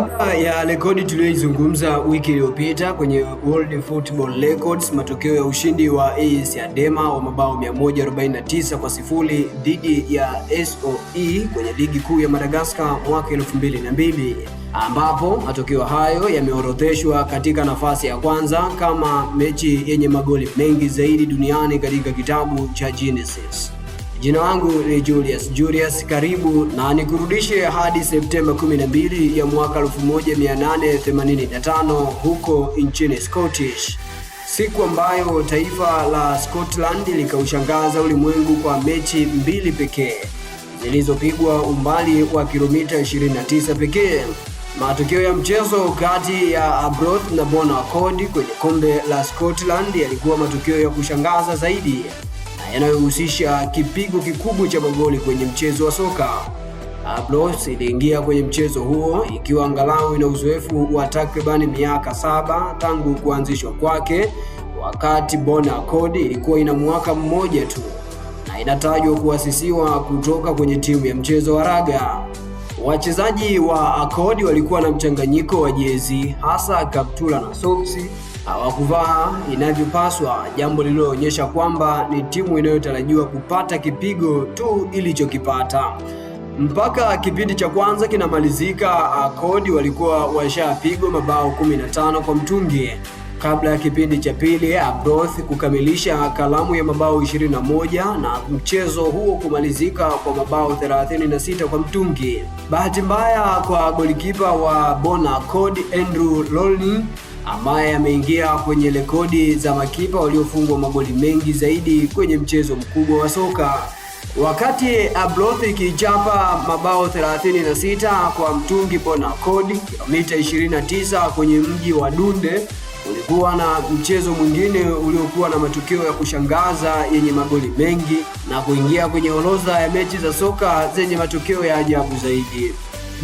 Baada ah, ya rekodi tuliyoizungumza wiki iliyopita kwenye World Football Records, matokeo ya ushindi wa AS Adema wa mabao 149 kwa sifuri dhidi ya SOE kwenye ligi kuu ya Madagascar mwaka 2002 ambapo matokeo hayo yameorodheshwa katika nafasi ya kwanza kama mechi yenye magoli mengi zaidi duniani katika kitabu cha Guinness. Jina langu ni Julius Julius, karibu na nikurudishe hadi Septemba 12 ya mwaka 1885 huko nchini Scottish, siku ambayo taifa la Scotland likaushangaza ulimwengu kwa mechi mbili pekee zilizopigwa umbali wa kilomita 29 pekee. Matokeo ya mchezo kati ya Arbroath na Bonaccord kwenye kombe la Scotland yalikuwa matokeo ya kushangaza zaidi yanayohusisha kipigo kikubwa cha magoli kwenye mchezo wa soka. Ablos iliingia kwenye mchezo huo ikiwa angalau ina uzoefu wa takribani miaka saba tangu kuanzishwa kwake, wakati Bon Accord ilikuwa ina mwaka mmoja tu na inatajwa kuasisiwa kutoka kwenye timu ya mchezo wa raga. Wachezaji wa Accord walikuwa na mchanganyiko wa jezi, hasa kaptula na soksi hawakuvaa inavyopaswa, jambo lililoonyesha kwamba ni timu inayotarajiwa kupata kipigo tu ilichokipata. Mpaka kipindi cha kwanza kinamalizika, Akodi ah, walikuwa washapigwa mabao 15 kwa mtungi kabla ya kipindi cha pili Abroth kukamilisha kalamu ya mabao 21 na mchezo huo kumalizika kwa mabao 36 kwa mtungi. Bahati mbaya kwa golikipa wa Bona Code Andrew Lolny ambaye ameingia kwenye rekodi za makipa waliofungwa magoli mengi zaidi kwenye mchezo mkubwa wa soka. Wakati Abloth ikichapa mabao 36 kwa mtungi Bonacod kilomita 29 kwenye mji wa Dunde, ulikuwa na mchezo mwingine uliokuwa na matukio ya kushangaza yenye magoli mengi na kuingia kwenye orodha ya mechi za soka zenye matukio ya ajabu zaidi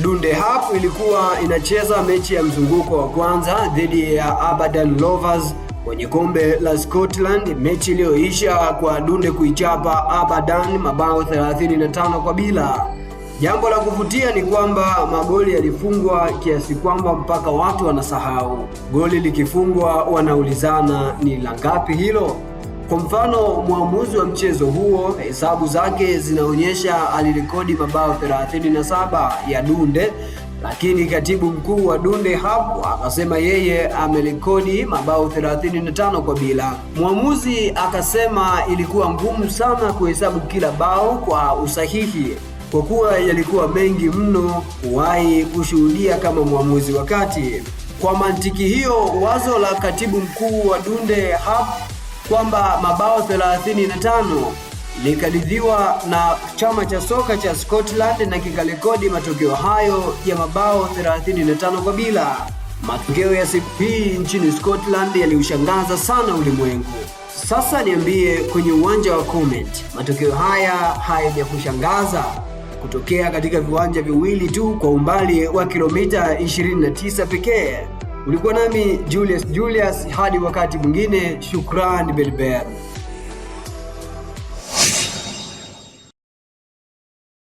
dunde Dundehap ilikuwa inacheza mechi ya mzunguko wa kwanza dhidi ya Abadan Rovers kwenye kombe la Scotland, mechi iliyoisha kwa Dunde kuichapa Abadan mabao 35 kwa bila. Jambo la kuvutia ni kwamba magoli yalifungwa kiasi kwamba mpaka watu wanasahau. Goli likifungwa wanaulizana ni la ngapi hilo. Kwa mfano, mwamuzi wa mchezo huo hesabu zake zinaonyesha alirekodi mabao 37 ya Dunde, lakini katibu mkuu wa Dunde hapo akasema yeye amerekodi mabao 35 kwa bila. Mwamuzi akasema ilikuwa ngumu sana kuhesabu kila bao kwa usahihi kwa kuwa yalikuwa mengi mno kuwahi kushuhudia kama mwamuzi wakati. Kwa mantiki hiyo, wazo la katibu mkuu wa Dunde hap kwamba mabao 35 likabidhiwa na chama cha soka cha Scotland na kikarekodi matokeo hayo ya mabao 35 kwa bila. Matokeo ya siku hii nchini Scotland yaliushangaza sana ulimwengu. Sasa niambie kwenye uwanja wa comment, matokeo haya hayajakushangaza? Kutokea katika viwanja viwili tu kwa umbali wa kilomita 29 pekee. Ulikuwa nami Julius Julius, hadi wakati mwingine. Shukrani Belber.